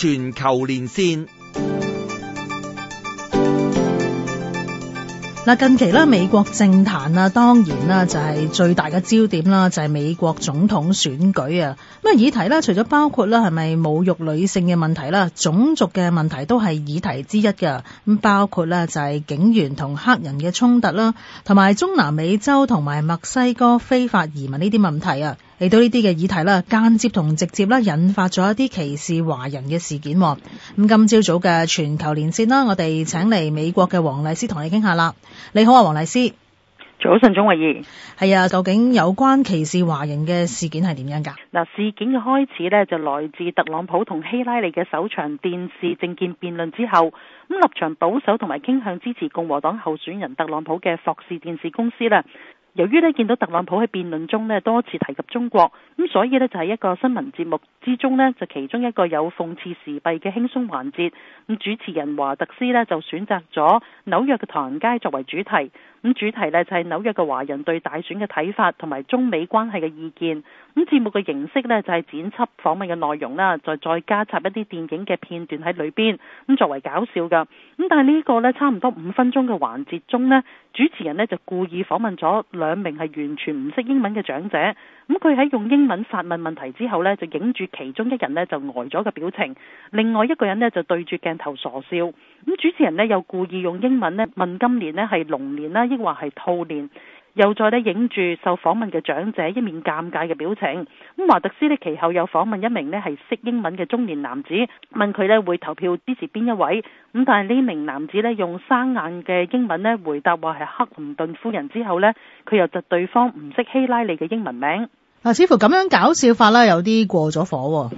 全球連線嗱，近期咧，美國政壇啊，當然啦就係最大嘅焦點啦，就係美國總統選舉啊。咁議題咧，除咗包括啦係咪侮辱女性嘅問題啦，種族嘅問題都係議題之一嘅。咁包括咧就係警員同黑人嘅衝突啦，同埋中南美洲同埋墨西哥非法移民呢啲問題啊。嚟到呢啲嘅議題啦，間接同直接啦，引發咗一啲歧視華人嘅事件。咁今朝早嘅全球連線啦，我哋請嚟美國嘅黃麗施同你傾下啦。你好啊，黃麗施。早晨，鍾慧儀。係啊，究竟有關歧視華人嘅事件係點樣㗎？嗱，事件嘅開始呢，就來自特朗普同希拉莉嘅首場電視政見辯論之後。咁立場保守同埋傾向支持共和黨候選人特朗普嘅霍士電視公司啦。由於呢，見到特朗普喺辯論中呢，多次提及中國，咁所以呢就係一個新聞節目之中呢就其中一個有諷刺時弊嘅輕鬆環節。咁主持人華特斯呢就選擇咗紐約嘅唐人街作為主題。咁主題呢就係紐約嘅華人對大選嘅睇法同埋中美關係嘅意見。咁節目嘅形式呢就係剪輯訪問嘅內容啦，再再加插一啲電影嘅片段喺裏邊，咁作為搞笑㗎。咁但係呢個呢，差唔多五分鐘嘅環節中呢，主持人呢就故意訪問咗兩名係完全唔識英文嘅長者，咁佢喺用英文發問問題之後咧，就影住其中一人咧就呆咗嘅表情，另外一個人咧就對住鏡頭傻笑，咁主持人咧又故意用英文咧問今年咧係龍年啦，抑或係兔年？又再咧影住受訪問嘅長者一面尷尬嘅表情。咁華特斯咧其後又訪問一名咧係識英文嘅中年男子，問佢咧會投票支持邊一位。咁但係呢名男子用生硬嘅英文回答話係克林頓夫人之後呢，佢又窒對方唔識希拉里嘅英文名。嗱，似乎咁樣搞笑法啦，有啲過咗火。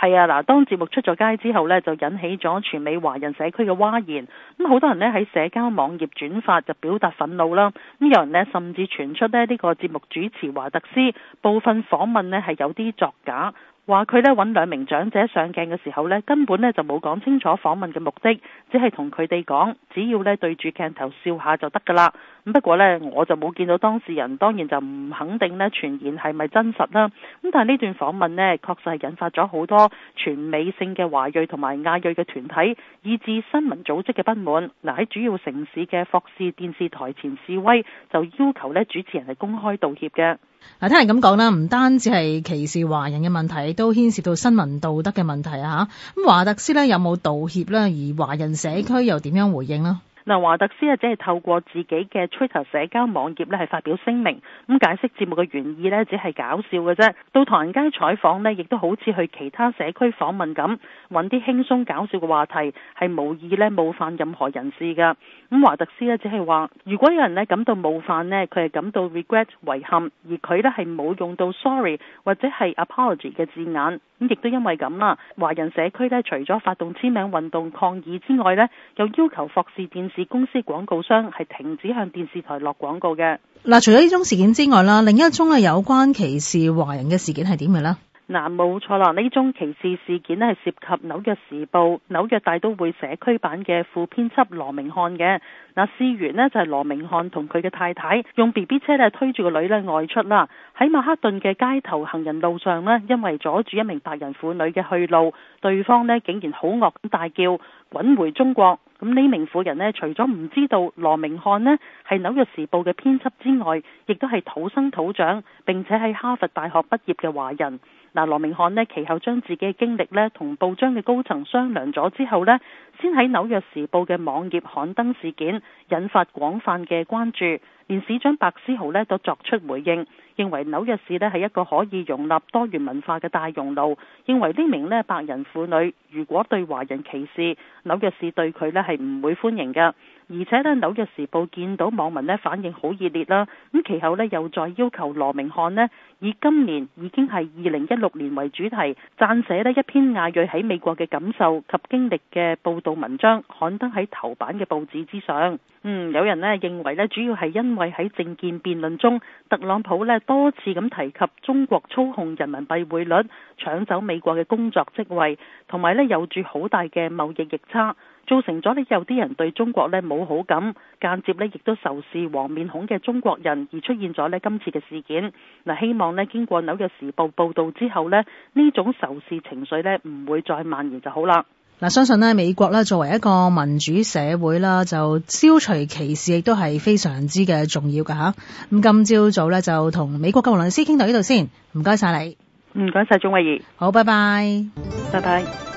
係啊，嗱，當節目出咗街之後咧，就引起咗全美華人社區嘅嘩然，咁好多人咧喺社交網頁轉發就表達憤怒啦，咁有人咧甚至傳出咧呢個節目主持華特斯部分訪問咧，係有啲作假。話佢咧搵兩名長者上鏡嘅時候呢，根本呢就冇講清楚訪問嘅目的，只係同佢哋講，只要呢對住鏡頭笑下就得噶啦。咁不過呢，我就冇見到當事人，當然就唔肯定呢傳言係咪真實啦。咁但係呢段訪問呢確實係引發咗好多全美性嘅華裔同埋亞裔嘅團體，以至新聞組織嘅不滿。嗱，喺主要城市嘅霍士電視台前示威，就要求呢主持人係公開道歉嘅。嗱，聽人咁講啦，唔單止係歧視華人嘅問題，都牽涉到新聞道德嘅問題啊！吓，咁華特斯呢有冇道歉呢？而華人社區又點樣回應呢？嗱，華特斯啊，只係透過自己嘅 Twitter 社交網頁咧，係發表聲明咁解釋節目嘅原意咧，只係搞笑嘅啫。到唐人街採訪咧，亦都好似去其他社區訪問咁，揾啲輕鬆搞笑嘅話題，係無意咧冒犯任何人士嘅。咁華特斯咧只係話如果有人咧感到冒犯咧，佢係感到 regret 遺憾，而佢咧係冇用到 sorry 或者係 apology 嘅字眼。咁亦都因為咁啦，華人社區咧除咗發動簽名運動抗議之外咧，又要求霍氏電是公司廣告商係停止向電視台落廣告嘅。嗱，除咗呢種事件之外啦，另一宗係有關歧視華人嘅事件係點嘅咧？嗱，冇錯啦，呢宗歧視事件咧係涉及紐約時報紐約大都會社區版嘅副編輯羅明漢嘅。嗱，事緣呢就係羅明漢同佢嘅太太用 B B 車咧推住個女咧外出啦，喺曼克頓嘅街頭行人路上呢，因為阻住一名白人婦女嘅去路，對方呢竟然好惡咁大叫：滾回中國！咁呢名婦人呢，除咗唔知道羅明漢呢係紐約時報嘅編輯之外，亦都係土生土長並且喺哈佛大學畢業嘅華人。嗱，羅明漢呢，其後將自己嘅經歷呢，同報章嘅高層商量咗之後呢，先喺紐約時報嘅網頁刊登事件，引發廣泛嘅關注。連市長白思豪呢就作出回應，認為紐約市呢係一個可以容納多元文化嘅大熔爐，認為呢名呢白人婦女如果對華人歧視，紐約市對佢呢係唔會歡迎嘅。而且呢紐約時報見到網民呢反應好熱烈啦，咁其後呢，又再要求羅明漢呢以今年已經係二零一六年為主題，撰寫呢一篇亞裔喺美國嘅感受及經歷嘅報道文章，刊登喺頭版嘅報紙之上。嗯，有人呢認為呢主要係因為喺政見辯論中，特朗普呢多次咁提及中國操控人民幣匯率、搶走美國嘅工作職位，同埋呢有住好大嘅貿易逆差。造成咗呢有啲人對中國呢冇好感，間接呢亦都仇視黃面孔嘅中國人，而出現咗呢今次嘅事件。嗱，希望呢經過《紐約時報》報道之後呢，呢種仇視情緒呢唔會再蔓延就好啦。嗱，相信呢美國呢作為一個民主社會啦，就消除歧視亦都係非常之嘅重要噶吓。咁今朝早呢，就同美國嘅黃麗施傾到呢度先，唔該晒你。唔該晒鍾慧儀。好，拜拜。拜拜。